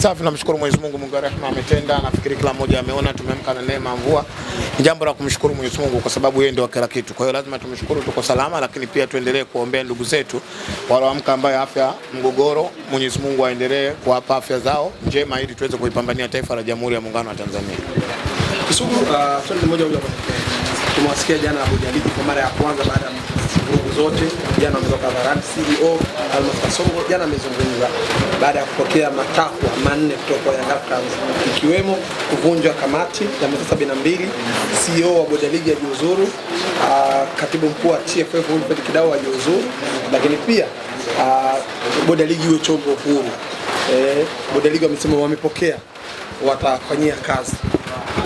Safi, namshukuru Mwenyezi Mungu Mungu wa rehema ametenda. Nafikiri kila mmoja ameona tumemka na neema mvua. Ni jambo la kumshukuru Mwenyezi Mungu kwa sababu yeye ndio kila kitu. Kwa hiyo lazima tumshukuru, tuko salama, lakini pia tuendelee kuombea ndugu zetu walioamka ambayo afya mgogoro. Mwenyezi Mungu aendelee kuwapa afya zao njema ili tuweze kuipambania taifa la Jamhuri ya Muungano wa Tanzania. Kisugu, uh, swali moja tumewasikia jana kwa mara ya kwanza baada zote. Jana ametoka hadharani CEO Almas Kasongo, jana amezungumza baada ya kupokea matakwa manne kutoka kwa Young Africans, ikiwemo kuvunjwa kamati ya meza sabini na mbili, CEO wa bodi ya ligi ajiuzuru, ah, katibu mkuu wa TFF Wilfred Kidau ajiuzuru, lakini pia ah, bodi ya ligi iwe chombo huru. Eh, bodi ya ligi wamesema wamepokea, watafanyia kazi.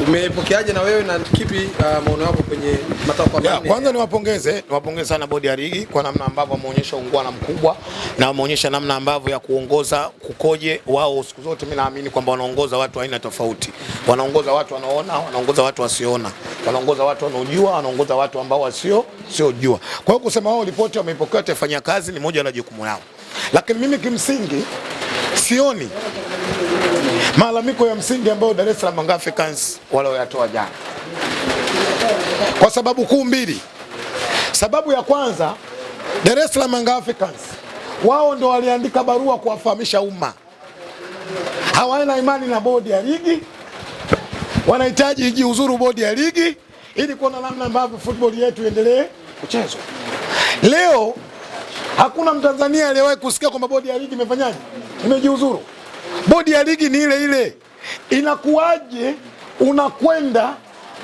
Umepokeaje na wewe na kipi uh, maono yako kwenye matakwa ya? Kwanza niwapongeze niwapongeze sana bodi ya ligi kwa namna ambavyo wameonyesha ungwana mkubwa na wameonyesha namna ambavyo ya kuongoza kukoje wao. Siku zote mimi naamini kwamba wanaongoza watu aina tofauti, wanaongoza watu wanaona, wanaongoza watu wasiona, wanaongoza watu wanaojua, wanaongoza watu ambao wasio siojua. Kwa hiyo kusema wao ripoti wameipokea, tafanya kazi, ni moja la jukumu lao, lakini mimi kimsingi sioni Malalamiko ya msingi ambayo Dar es Salaam Young Africans walioyatoa jana kwa sababu kuu mbili. Sababu ya kwanza, Dar es Salaam Young Africans wao ndo waliandika barua kuwafahamisha umma hawana imani na bodi ya ligi, wanahitaji ijiuzuru bodi ya ligi ili kuona namna ambavyo football yetu iendelee kuchezwa. Leo hakuna Mtanzania aliyewahi kusikia kwamba bodi ya ligi imefanyaje, imejiuzuru bodi ya ligi ni ile ile, inakuwaje unakwenda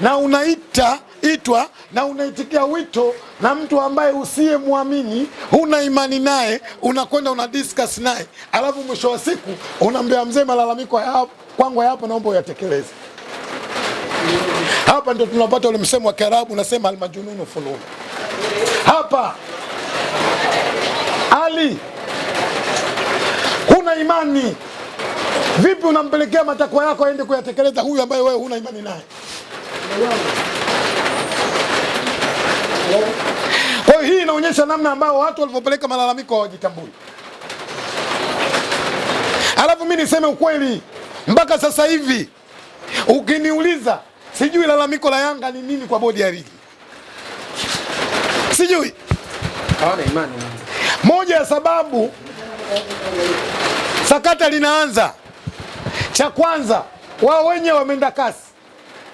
na unaita itwa na unaitikia wito na mtu ambaye usiyemwamini, huna imani naye, unakwenda una discuss naye, alafu mwisho wa siku unaambia mzee, malalamiko kwangu hapo naomba uyatekeleze. Hapa ndio tunapata ule msemo wa Kiarabu unasema almajununu fununu. Hapa Ali huna imani Vipi unampelekea matakwa yako aende kuyatekeleza huyu ambaye wewe huna imani naye? Kwa hiyo hii inaonyesha namna ambayo watu walivyopeleka malalamiko hawajitambui. Alafu mi niseme ukweli, mpaka sasa hivi ukiniuliza, sijui lalamiko la Yanga ni nini kwa bodi ya ligi, sijui. Hawana imani. Moja ya sababu sakata linaanza cha kwanza wao wenyewe wameenda kasi,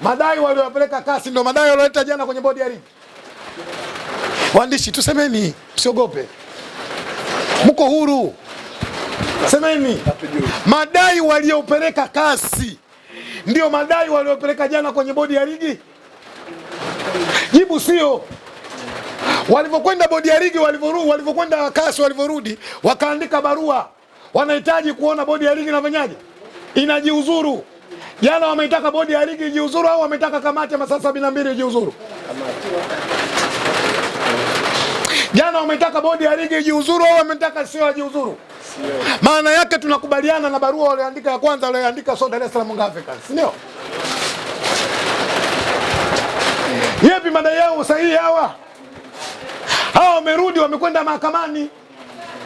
madai waliopeleka kasi ndio madai walioleta jana kwenye bodi ya ligi. Waandishi, tusemeni, msiogope, mko huru, semeni. Madai waliopeleka kasi ndio madai waliopeleka jana kwenye bodi ya ligi? Jibu sio. Walivyokwenda bodi ya ligi, walivyokwenda kasi, walivyorudi wakaandika barua, wanahitaji kuona bodi ya ligi inafanyaje inajiuzuru. Jana wameitaka bodi ya ligi ijiuzuru, au wametaka kamati ya masaa sabini na mbili ijiuzuru. Jana wametaka bodi ya ligi ijiuzuru, au wametaka sio ajiuzuru? Maana yake tunakubaliana na barua walioandika ya kwanza walioandika so Dar es Salaam Young Africans, ndio yepi madai yao sahihi? Hawa hawa wamerudi, wamekwenda mahakamani.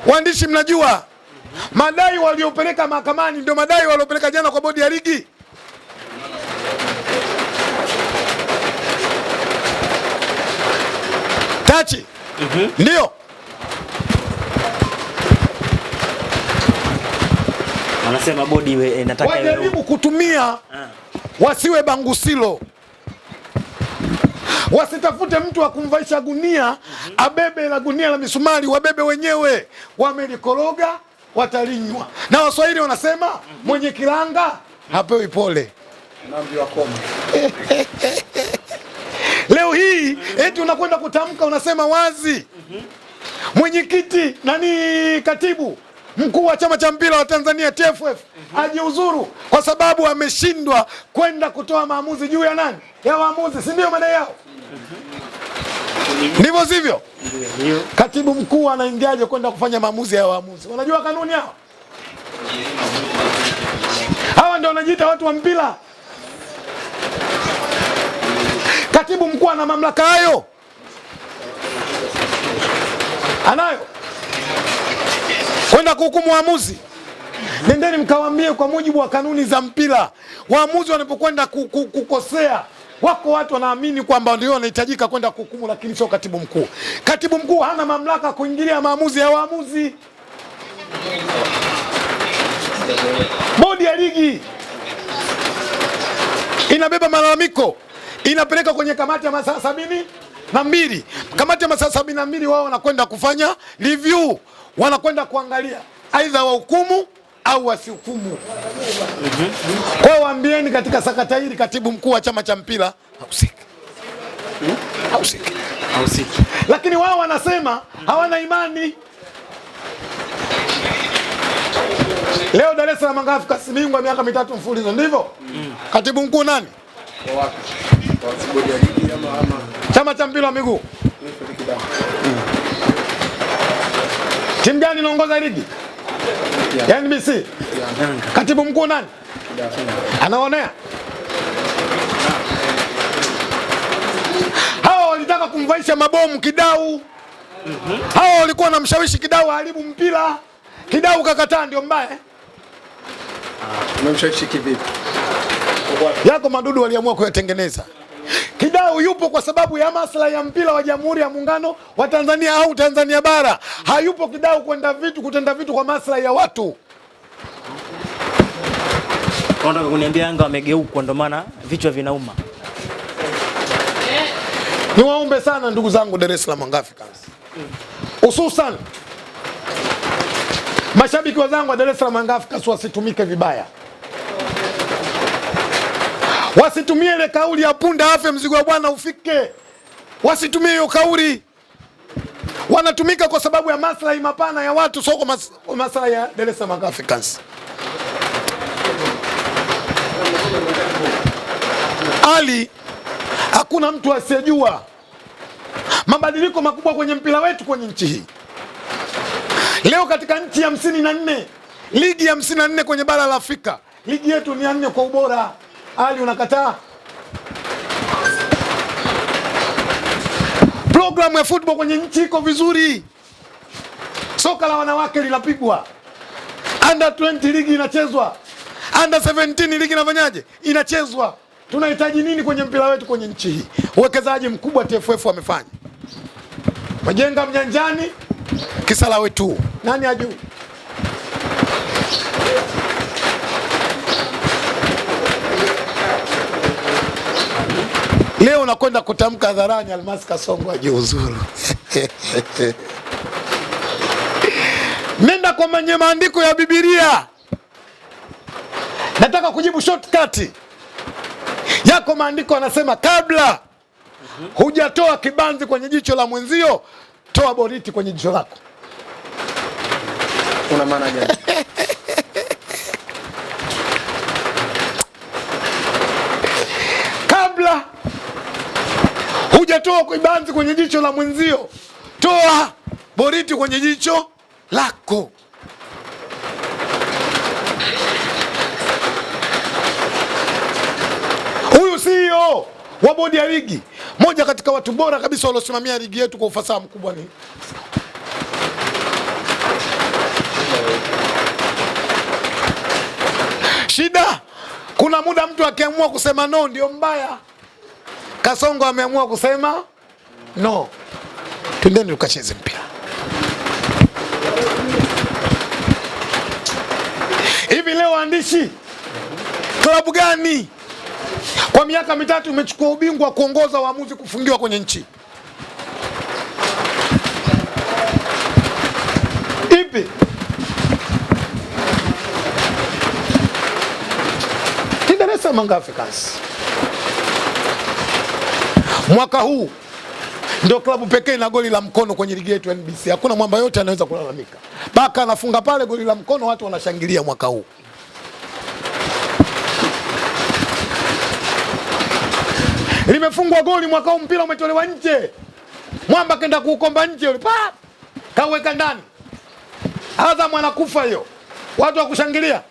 Waandishi mnajua Madai waliopeleka mahakamani ndio madai waliopeleka jana kwa bodi ya ligi. Tachi. Mm -hmm. Ndio. Anasema bodi inataka eh, wajaribu kutumia ah. Wasiwe bangusilo, wasitafute mtu wa kumvaisha gunia mm -hmm. Abebe la gunia la misumari, wabebe wenyewe, wamelikoroga watalinywa. Na Waswahili wanasema mhm. mwenye kilanga hapewi pole. Leo hii mhm. eti unakwenda kutamka, unasema wazi mhm. mwenyekiti nani, katibu mkuu wa chama cha mpira wa Tanzania TFF ajiuzuru kwa sababu ameshindwa kwenda kutoa maamuzi juu ya nani ya waamuzi, si ndio madai yao? ndivyo sivyo? Katibu mkuu anaingiaje kwenda kufanya maamuzi ya waamuzi? Wanajua kanuni hao, hawa ndio wanajiita watu wa mpira. Katibu mkuu ana mamlaka hayo? Anayo kwenda kuhukumu waamuzi? Nendeni mkawaambie kwa mujibu wa kanuni za mpira, waamuzi wanapokwenda kukosea Wako watu wanaamini kwamba ndio wanahitajika kwenda kuhukumu, lakini sio katibu mkuu. Katibu mkuu hana mamlaka kuingilia maamuzi ya waamuzi. Bodi ya ligi inabeba malalamiko, inapeleka kwenye kamati ya masaa sabini na mbili. Kamati ya masaa sabini na mbili wao wanakwenda kufanya review, wanakwenda kuangalia aidha wahukumu au wasihukumu. Kwa hiyo waambieni katika sakata hili, katibu mkuu wa chama cha mpira hausiki, hmm? hausiki, hausiki. Lakini wao wanasema hawana imani. Leo Dar es Salaam angafu kasimingwa miaka mitatu mfulizo ndivyo hmm. katibu mkuu nani? Chama cha mpira wa miguu, hmm. timu gani inaongoza ligi? ya NBC katibu mkuu nani anaonea hawa walitaka kumvaisha mabomu Kidau. Mm -hmm. Hawa walikuwa na mshawishi Kidau haribu mpira. Kidau kakataa, ndio mbaya. Umemshawishi kivipi? Yako madudu waliamua kuyatengeneza. Kidau yupo kwa sababu ya maslahi ya mpira wa Jamhuri ya Muungano wa Tanzania au Tanzania Bara. Hayupo Kidau kwenda vitu kutenda vitu kwa maslahi ya watu. Unataka kuniambia Yanga wamegeuka, ndio maana vichwa vinauma? Niwaombe sana ndugu zangu Dar es Salaam Africans, hususan mashabiki wazangu wa Dar es Salaam Africans wasitumike vibaya. Wasitumie ile kauli ya punda afe mzigo wa bwana ufike, wasitumie hiyo kauli. Wanatumika kwa sababu ya maslahi mapana ya watu, sio kwa maslahi ya Dar es Salaam Africans. Ali, hakuna mtu asiyejua mabadiliko makubwa kwenye mpira wetu kwenye nchi hii leo. Katika nchi ya hamsini na nne ligi ya hamsini na nne kwenye bara la Afrika, ligi yetu ni ya nne kwa ubora. Ali unakataa programu ya football kwenye nchi iko vizuri. Soka la wanawake linapigwa, under 20 ligi inachezwa, under 17 ligi inafanyaje, inachezwa. Tunahitaji nini kwenye mpira wetu kwenye nchi hii? Uwekezaji mkubwa TFF wamefanya, majenga mnyanjani kisala wetu nani ajui? Leo unakwenda kutamka hadharani Almasi Kasongo ajiuzuru. Nenda kwa manye maandiko ya Biblia. Nataka kujibu shortcut. Yako maandiko anasema kabla hujatoa kibanzi kwenye jicho la mwenzio, toa boriti kwenye jicho lako. Una maana gani? Hujatoa kuibanzi kwenye jicho la mwenzio, toa boriti kwenye jicho lako. Huyu CEO wa bodi ya ligi, moja katika watu bora kabisa waliosimamia ligi yetu kwa ufasaha mkubwa ni shida. Kuna muda mtu akiamua kusema no, ndio mbaya. Kasongo ameamua kusema no, twendeni tukacheze mpira. Hivi leo waandishi, klabu gani kwa miaka mitatu imechukua ubingwa kuongoza waamuzi kufungiwa kwenye nchi ipi? Dar es Salaam Africans. Mwaka huu ndio klabu pekee na goli la mkono kwenye ligi yetu NBC. Hakuna mwamba yote anaweza kulalamika. Paka anafunga pale goli la mkono, watu wanashangilia mwaka huu. Limefungwa goli mwaka huu, mpira umetolewa nje, mwamba kenda kuukomba nje, yule pa kaweka ndani, Azam anakufa hiyo, watu wakushangilia.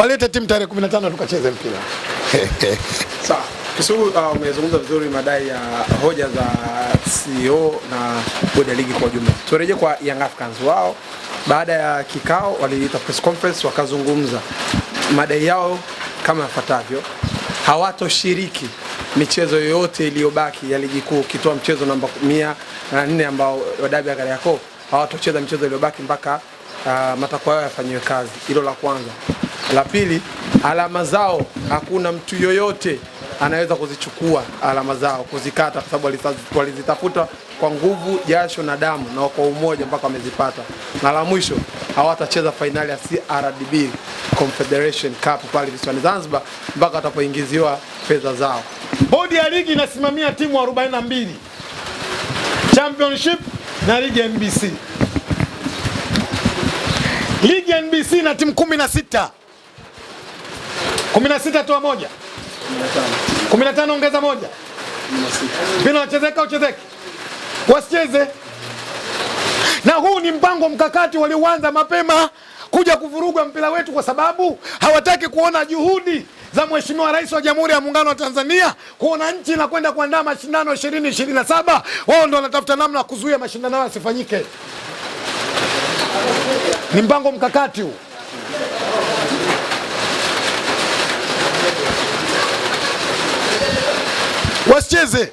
walete timu tarehe 15 tukacheze mpira sawa. Kisugu, uh, umezungumza vizuri madai ya hoja za CEO na bodi ya ligi kwa ujumla. Turejee kwa Young Africans, wao baada ya kikao waliita press conference, wakazungumza madai yao kama yafuatavyo: hawatoshiriki michezo yoyote iliyobaki ya ligi kuu, ukitoa mchezo namba 104 ambao wadabi ya Kariakoo, hawatocheza michezo iliyobaki mpaka uh, matakwa yao yafanyiwe kazi. Hilo la kwanza. La pili, alama zao, hakuna mtu yoyote anaweza kuzichukua alama zao kuzikata, kwa sababu walizitafuta kwa nguvu, jasho na damu na kwa umoja mpaka wamezipata. Na la mwisho, hawatacheza fainali ya CRDB Confederation Cup pale visiwani Zanzibar mpaka watapoingiziwa fedha zao. Bodi ya ligi inasimamia timu 42 championship na ligi NBC. Ligi ya NBC na timu kumi na sita na sita toa moja tano ongeza moja vina wachezeka uchezeki wasicheze, na huu ni mpango mkakati walioanza mapema kuja kuvuruga mpira wetu, kwa sababu hawataki kuona juhudi za Mheshimiwa Rais wa Jamhuri ya Muungano wa Tanzania kuona nchi inakwenda kuandaa mashindano 2027 saba. Wao ndo wanatafuta namna kuzuia mashindano hayo yasifanyike. Ni mpango mkakati huu. Wasicheze.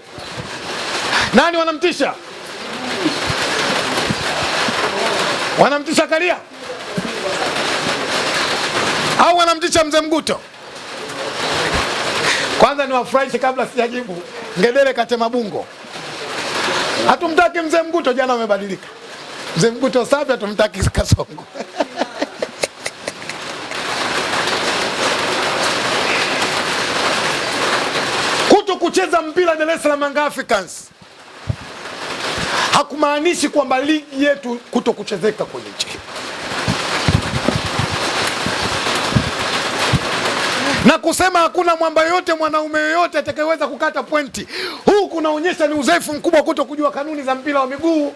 Nani wanamtisha? Wanamtisha Karia au wanamtisha mzee Mguto? Kwanza niwafurahishe kabla sijajibu. Ngedere katema bungo, hatumtaki mzee Mguto, jana amebadilika. Mzee Mbuto safi, hatumtaki Kasongo. Kuto kucheza mpira Dar es Salaam Young Africans hakumaanishi kwamba ligi yetu kuto kuchezeka kwenye nchi na kusema hakuna mwamba yoyote mwanaume yoyote atakayeweza kukata pointi. Huu kunaonyesha ni uzoefu mkubwa kuto kujua kanuni za mpira wa miguu.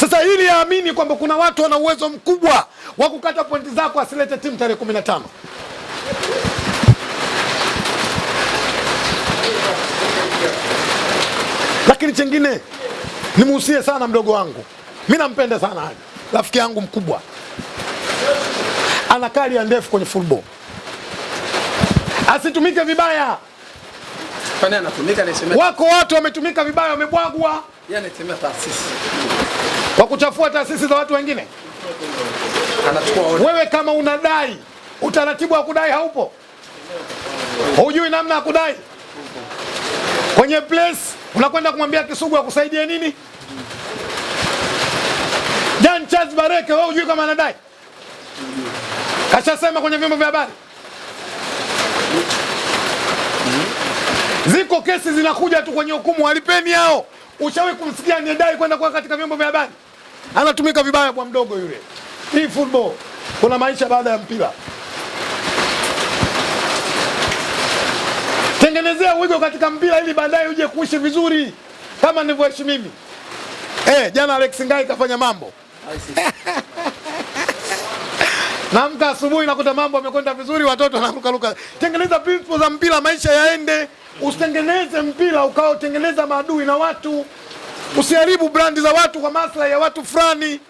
Sasa hili yaamini kwamba kuna watu wana uwezo mkubwa wa kukata pointi zako, asilete timu tarehe kumi na tano. Lakini chengine nimuhusie sana mdogo wangu, mi nampenda sana Haji, rafiki yangu mkubwa, ana kari ya ndefu kwenye football, asitumike vibaya. Wako watu wametumika vibaya, wamebwagwa kwa kuchafua taasisi za watu wengine. Wewe kama unadai, utaratibu wa kudai haupo, hujui namna ya kudai kwenye place, unakwenda kumwambia Kisugu akusaidie nini? Jan Charles Bareke, wewe hujui kama anadai, kashasema kwenye vyombo vya habari. Ziko kesi zinakuja tu kwenye hukumu, walipeni hao. Ushawahi kumsikia anedai kwenda kwa katika vyombo vya habari? Anatumika vibaya kwa mdogo yule. Hii football kuna maisha baada ya mpira. Tengenezea wigo katika mpira ili baadaye uje kuishi vizuri kama nilivyoishi mimi. Eh, jana Alex Ngai kafanya mambo naamka asubuhi nakuta mambo yamekwenda vizuri, watoto wanarukaruka. Tengeneza principles za mpira, maisha yaende usitengeneze mpira ukaotengeneza maadui na watu, usiharibu brandi za watu kwa maslahi ya watu fulani.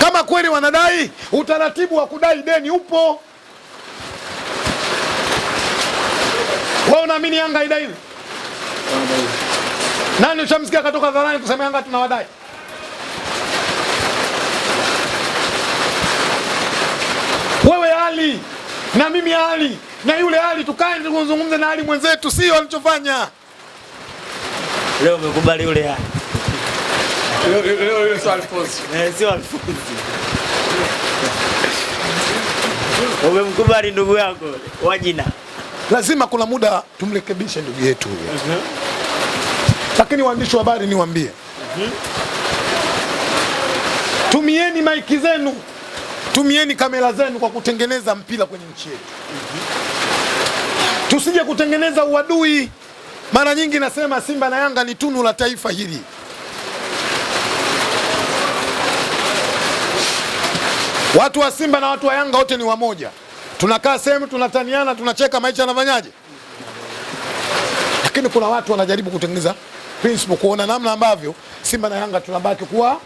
Kama kweli wanadai, utaratibu wa kudai deni upo. Wewe unaamini Yanga haidai? Nani ushamsikia katoka dharani kusema Yanga tunawadai? Wewe Ali na mimi Ali na yule Ali, tukae tuzungumze na Ali mwenzetu, sio alichofanya leo. Umekubali yule Ali leo, sio eh, sio umemkubali ndugu yako wajina. Lazima kuna muda tumrekebishe ndugu yetu huyo. Uh-huh. Lakini waandishi wa habari niwaambie, uh-huh. tumieni maiki zenu, tumieni kamera zenu kwa kutengeneza mpira kwenye nchi yetu. Uh-huh tusije kutengeneza uadui. Mara nyingi nasema Simba na Yanga ni tunu la taifa hili. Watu wa Simba na watu wa Yanga wote ni wamoja, tunakaa sehemu tunataniana, tunacheka, maisha yanafanyaje. Lakini kuna watu wanajaribu kutengeneza principle, kuona namna ambavyo Simba na Yanga tunabaki kuwa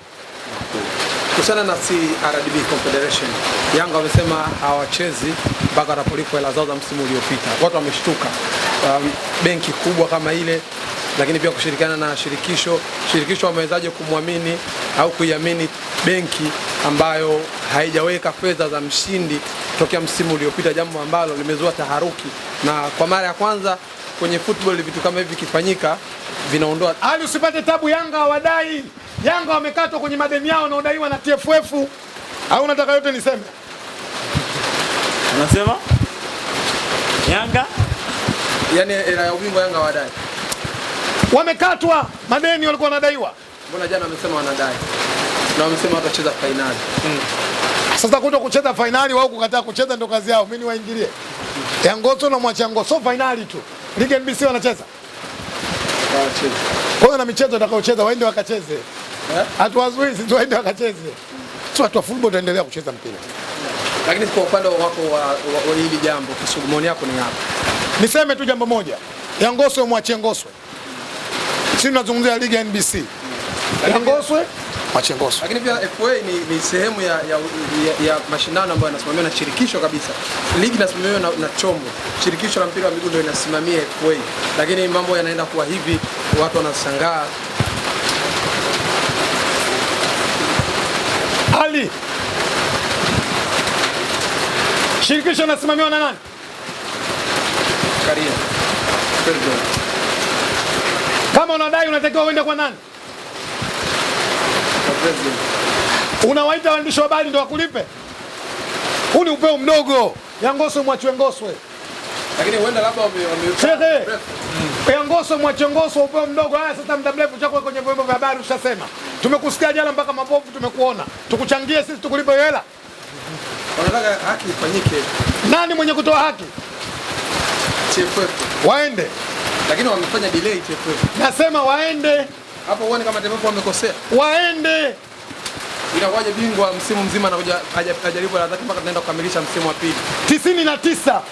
Kuhusiana na CRDB Confederation, Yanga wamesema hawachezi mpaka watapolipwa hela zao za msimu uliopita. Watu wameshtuka, um, benki kubwa kama ile, lakini pia kushirikiana na shirikisho. Shirikisho wamewezaje kumwamini au kuiamini benki ambayo haijaweka fedha za mshindi tokea msimu uliopita, jambo ambalo limezua taharuki, na kwa mara ya kwanza kwenye football vitu kama hivi vikifanyika vinaondoa. Ali, usipate tabu, Yanga hawadai Yanga wamekatwa kwenye madeni yao wanaodaiwa na TFF, au unataka yote niseme? Unasema Yanga Yaani era ya ubingwa Yanga wadai wamekatwa madeni walikuwa wanadaiwa. Mbona jana wamesema wanadai na wamesema watacheza fainali Mm. Sasa kuto kucheza fainali wao kukataa kucheza ndio kazi yao. Mimi niwaingilie Yangoto na mwacha Yangoso, so fainali tu ligi NBC wanacheza, Wanacheza. kwa hiyo na michezo atakaocheza waende wakacheze. Eh? hatuwazui sisi, waende wakacheze, si football tuendelea kucheza mpira. Lakini kwa upande wako wa hili jambo, maoni yako ni yapi? Niseme tu jambo moja, Yangoswe mwache Ngoswe, si tunazungumzia ligi ya NBC. Yangoswe mwache Ngoswe. Lakini pia FA ni, ni sehemu ya, ya, ya, ya mashindano ambayo yanasimamiwa na shirikisho kabisa. Ligi inasimamiwa na, na chombo shirikisho la mpira wa miguu ndio inasimamia FA, lakini mambo yanaenda kuwa hivi, watu wanashangaa Nani? Shirikisho nasimamiwa na nani? Kama unadai unatakiwa uende kwa nani? Unawaita waandishi wa habari ndio wakulipe? Huu ni upeo mdogo. Ya Ngoswe mwachiwe Ngoswe. Lakini huenda labda wame, wame Peangoso Mwachongoso, upeo mdogo. Haya sasa, muda mrefu chako kwenye vyombo vya habari ushasema, tumekusikia jana mpaka mabovu, tumekuona, tukuchangie sisi, tukulipe hela. Wanataka haki ifanyike. Nani mwenye kutoa haki? TFF waende, lakini wamefanya delay TFF. Nasema waende hapo, uone kama TFF wamekosea, waende inakuwaje bingwa msimu mzima na hajaribu mpaka tunaenda kukamilisha msimu wa pili tisini na tisa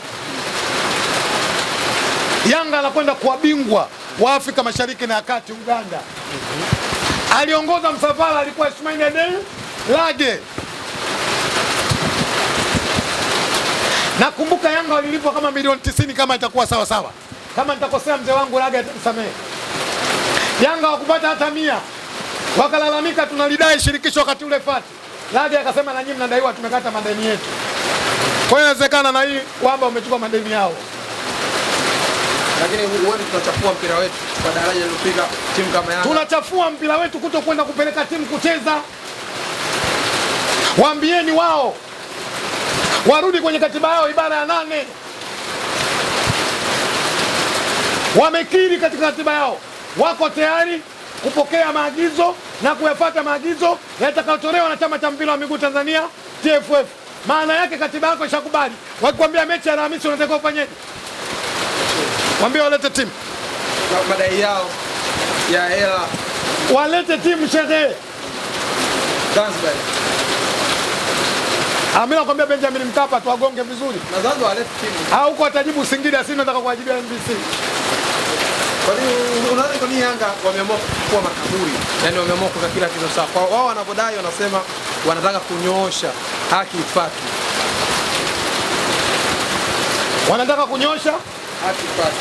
Yanga anakwenda kuwa bingwa wa Afrika Mashariki na ya Kati, Uganda. Aliongoza msafara alikuwa Ismail Adel Lage. Nakumbuka Yanga walilipwa kama milioni tisini kama itakuwa sawa sawa, kama nitakosea mzee wangu Lage atanisamehe. Yanga wakupata hata mia, wakalalamika tunalidai shirikisho wakati ule fati Lage akasema na nyinyi mnadaiwa, tumekata madeni yetu. Kwa hiyo inawezekana na hii wamba umechukua madeni yao lakini huwezi tunachafua mpira wetu kwa daraja lilofika timu kama Yanga. Tunachafua mpira wetu kuto kwenda kupeleka timu kucheza. Waambieni wao warudi kwenye katiba yao ibara ya nane. Wamekiri katika katiba yao, wako tayari kupokea maagizo na kuyafuata maagizo yatakayotolewa na chama cha mpira wa miguu Tanzania TFF. Maana yake katiba yako ishakubali, wakikwambia mechi ya Alhamisi unatakiwa ufanyeje? Mwambie walete timu na madai yao ya hela, walete timu shehe. Zanzibar Amina Benjamin Mkapa tuwagonge vizuri na Zanzibar walete timu. Au huko atajibu Singida, si nataka kuwajibia NBC. Kwa kwa Yanga makaburi? Yaani wameamua kuweka kila kitu wao wanapodai wanasema wanataka kunyoosha haki ifuatwe. Wanataka kunyoosha hatupasi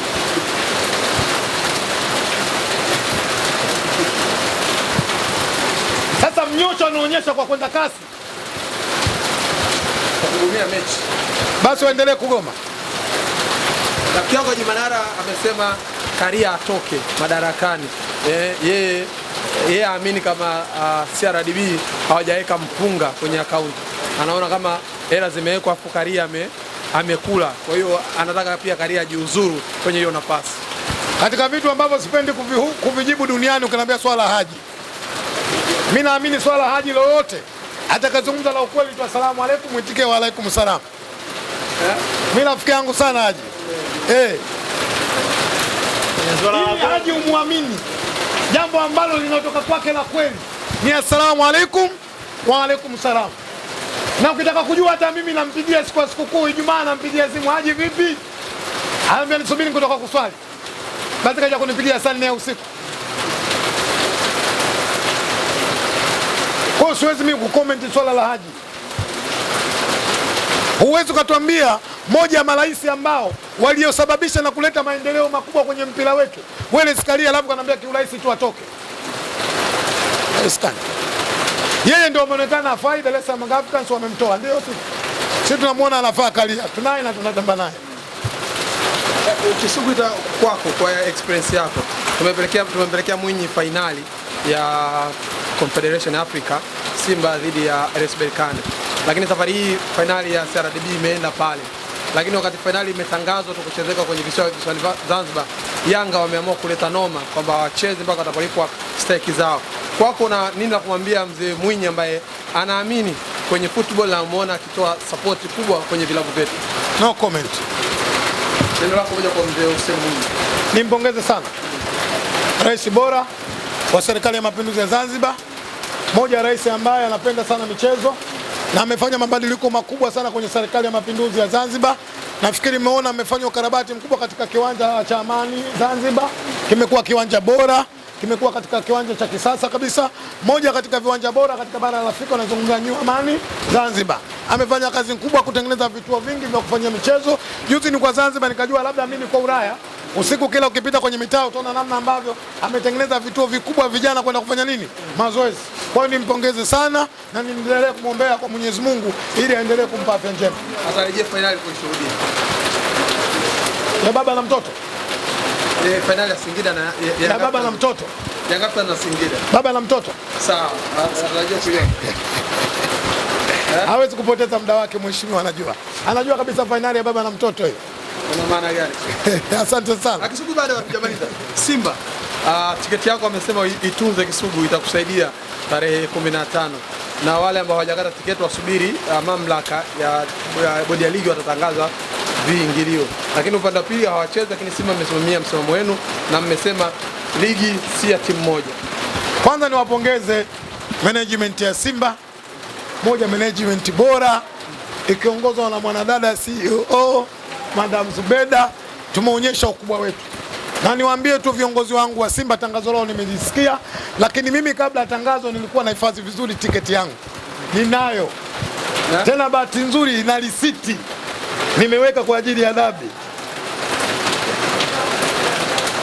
sasa. Mnyocho anaonyesha kwa kwenda kasi kugomea mechi, basi waendelee kugoma. Na kiongozi Manara amesema Karia atoke madarakani, yeye eh, yeye aamini kama uh, ah, CRDB hawajaweka mpunga kwenye akaunti, anaona kama hela zimewekwa afu Karia ame amekula. Kwa hiyo anataka pia Karia ajiuzuru kwenye hiyo nafasi. Katika vitu ambavyo sipendi kuvijibu duniani, ukiniambia swala haji, mi naamini swala haji lolote atakazungumza la ukweli tu, asalamu alaikum, mwitike wa alaikum salam. Eh? Mi rafiki yangu sana haji eh, eh. haji umwamini jambo ambalo linatoka kwake la kweli ni assalamu alaikum wa alaikum salam na ukitaka kujua hata mimi nampigia siku ya sikukuu Ijumaa, nampigia simu Haji, vipi? Anambia nisubiri kutoka kuswali. Basi kaja kunipigia saa nne ya usiku. Kwa siwezi mimi kukomenti swala la Haji. Huwezi ukatuambia moja ya marais ambao waliosababisha na kuleta maendeleo makubwa kwenye mpira wetu Wele Sikalia, alafu kanaambia kiurahisi tu atoke. Haiwezekani. Yeye ndio ameonekana afai Dar es Salaam Africans wamemtoa, ndio si sisi tunamwona anafaa kalia, tunaye na tunatamba naye. Kisuguta kwako, kwa experience yako, tumepelekea tumempelekea Mwinyi fainali ya Confederation Africa, Simba dhidi ya RS Berkane, lakini safari hii fainali ya CRDB imeenda pale lakini wakati fainali imetangazwa tukuchezeka kwenye visiwa visiwani Zanzibar, Yanga wameamua kuleta noma kwamba wacheze mpaka watapolipwa stake zao kwako na nini la kumwambia mzee Mwinyi ambaye anaamini kwenye football na umeona akitoa support kubwa kwenye vilabu vyetu? No comment. Neno lako moja kwa mzee Hussein Mwinyi. Nimpongeze sana rais bora wa serikali ya mapinduzi ya Zanzibar, moja rais ambaye anapenda sana michezo na amefanya mabadiliko makubwa sana kwenye serikali ya mapinduzi ya Zanzibar. Nafikiri mmeona amefanya ukarabati mkubwa katika kiwanja cha Amani Zanzibar, kimekuwa kiwanja bora kimekuwa katika kiwanja cha kisasa kabisa, moja katika viwanja bora katika bara la Afrika. anazungumza New Amani Zanzibar, amefanya kazi kubwa kutengeneza vituo vingi vya kufanyia michezo. Juzi ni kwa Zanzibar, nikajua labda mimi kwa Ulaya usiku kila ukipita kwenye mitaa utaona namna ambavyo ametengeneza vituo vikubwa vijana kwenda kufanya nini, mazoezi. Kwa hiyo nimpongeze sana na niendelee kumwombea kwa Mwenyezi Mungu ili aendelee kumpa afya njema, atarejee fainali kuishuhudia ya baba na mtoto. E, fainali ya Singida na, ya, ya baba na mtoto Yanga na Singida, baba na mtoto sawa. Ah, Hawezi kupoteza muda wake mheshimiwa, anajua anajua kabisa fainali ya baba na mtoto hiyo Kuna maana gani? Asante sana Akisubu Baada ya kujamaliza Simba, uh, tiketi yako amesema itunze Kisugu, itakusaidia tarehe 15 na wale ambao hawajakata tiketi wasubiri uh, mamlaka ya, ya bodi ya ligi watatangaza viingilio, lakini upande wa pili hawachezi. Lakini Simba mmesimamia msimamo wenu na mmesema ligi si ya timu moja. Kwanza niwapongeze management ya Simba, moja management bora ikiongozwa na mwanadada CEO Madam Zubeda. Tumeonyesha ukubwa wetu, na niwaambie tu viongozi wangu wa Simba, tangazo lao nimejisikia, lakini mimi kabla ya tangazo nilikuwa nahifadhi vizuri tiketi yangu, ninayo Tena bahati nzuri ina risiti nimeweka kwa ajili ya Nabi.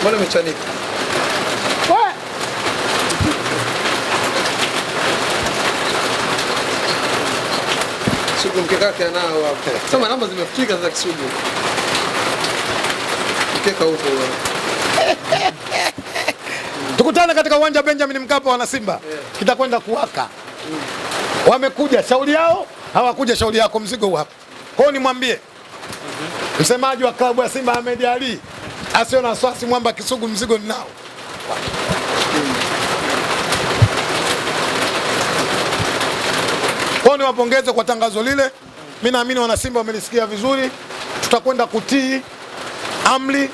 Mbona umechanika? Sema namba za Kisugu. Mkeka huko. Tukutane katika uwanja wa Benjamin Mkapa wana Simba. Yeah. Kitakwenda kuwaka. Mm. Wamekuja shauri yao, hawakuja shauri yako mzigo huu hapa. Kwa nimwambie Msemaji wa klabu ya Simba Ahmed Ali asio na wasiwasi, mwamba Kisugu mzigo ninao. Kwao niwapongeze kwa tangazo lile. Mi naamini wanasimba wamelisikia vizuri, tutakwenda kutii amri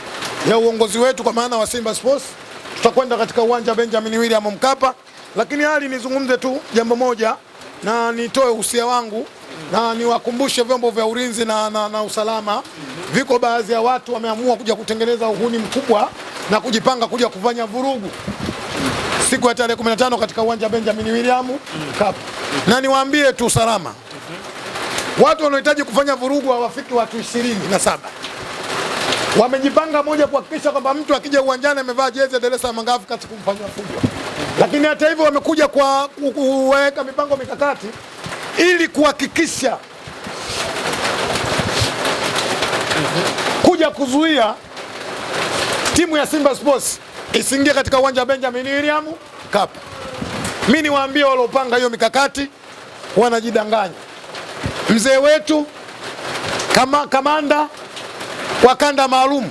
ya uongozi wetu kwa maana wa Simba Sports. Tutakwenda katika uwanja Benjamin William Mkapa, lakini hali nizungumze tu jambo moja na nitoe usia wangu na niwakumbushe vyombo vya ulinzi na, na, na usalama, viko baadhi ya watu wameamua kuja kutengeneza uhuni mkubwa na kujipanga kuja kufanya vurugu siku ya tarehe 15 katika uwanja wa Benjamin William Cup, na niwaambie tu usalama, watu wanaohitaji kufanya vurugu hawafiki watu ishirini na saba wamejipanga moja kuhakikisha kwamba mtu akija uwanjani amevaa jezi ya Dar es Salaam Africans fujo, lakini hata hivyo wamekuja kwa kuweka mipango mikakati ili kuhakikisha kuja kuzuia timu ya Simba Sports isiingie katika uwanja wa Benjamin William Cup. Mimi niwaambie waliopanga hiyo mikakati wanajidanganya. Mzee wetu kama kamanda wa kanda maalum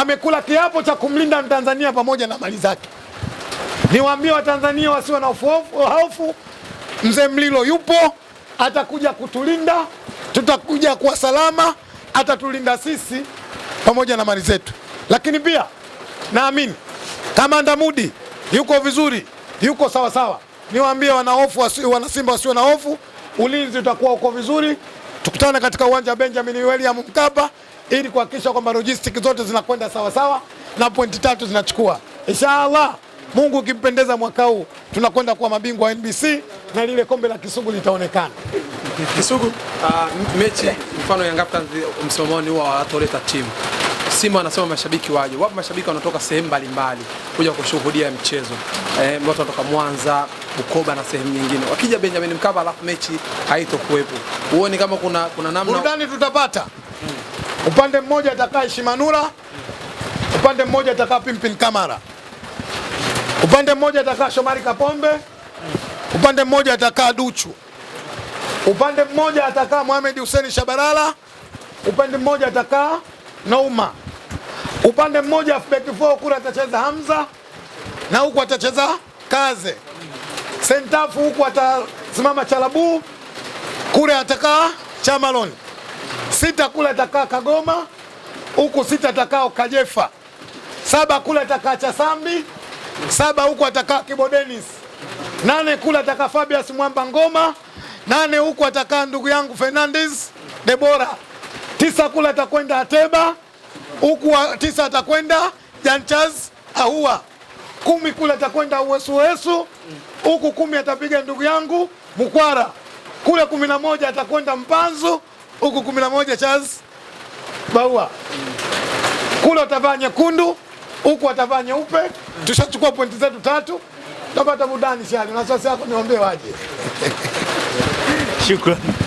amekula kiapo cha kumlinda Mtanzania pamoja na mali zake. Niwaambie Watanzania wasiwe na hofu Mzee Mlilo yupo, atakuja kutulinda, tutakuja kuwa salama, atatulinda sisi pamoja na mali zetu. Lakini pia naamini kamanda Mudi yuko vizuri, yuko sawa sawa. Niwaambie hofu, wana Simba wasio na hofu, ulinzi utakuwa uko vizuri. Tukutane katika uwanja wa Benjamin William Mkapa ili kuhakikisha kwamba logistics zote zinakwenda sawa sawa na pointi tatu zinachukua, inshallah. Mungu ukimpendeza mwaka huu tunakwenda kuwa mabingwa wa NBC na lile kombe la Kisugu litaonekana. Kisugu, uh, mechi mfano Yanga msimamoni huwa hawatoleta timu Simba anasema mashabiki waje. Wapo mashabiki wanatoka sehemu mbalimbali kuja kushuhudia mchezo Eh, watu wanatoka Mwanza, Bukoba na sehemu nyingine, wakija Benjamin Mkapa alafu mechi haitokuwepo, Uone kama kuna, kuna namna burudani tutapata? hmm. upande mmoja atakaa Shimanura, upande mmoja atakaa Pimpin Kamara. Upande mmoja atakaa Shomari Kapombe, upande mmoja atakaa Duchu, upande mmoja atakaa Mohamed Hussein Shabalala, upande mmoja atakaa Nouma, upande mmoja fullback kule atacheza Hamza na huku atacheza Kaze, sentafu huku atasimama Chalabu, kule atakaa Chamalon, sita kule atakaa Kagoma, huku sita atakao Kajefa, saba kule atakaa Chasambi saba huku atakaa Kibo Dennis, nane kule atakaa Fabius Mwamba Ngoma, nane huku atakaa ndugu yangu Fernandez Debora, tisa kule atakwenda Ateba huku, tisa atakwenda Janchas Ahua, kumi kule atakwenda Uwesuwesu huku, kumi atapiga ndugu yangu mukwara kule, kumi na moja atakwenda Mpanzu huku, kumi na moja Charles Baua kule, atavaa nyekundu huku atavaa nyeupe, tushachukua pointi zetu tatu, tutapata burudani shani. Na sasa yako niombe waje. Shukrani.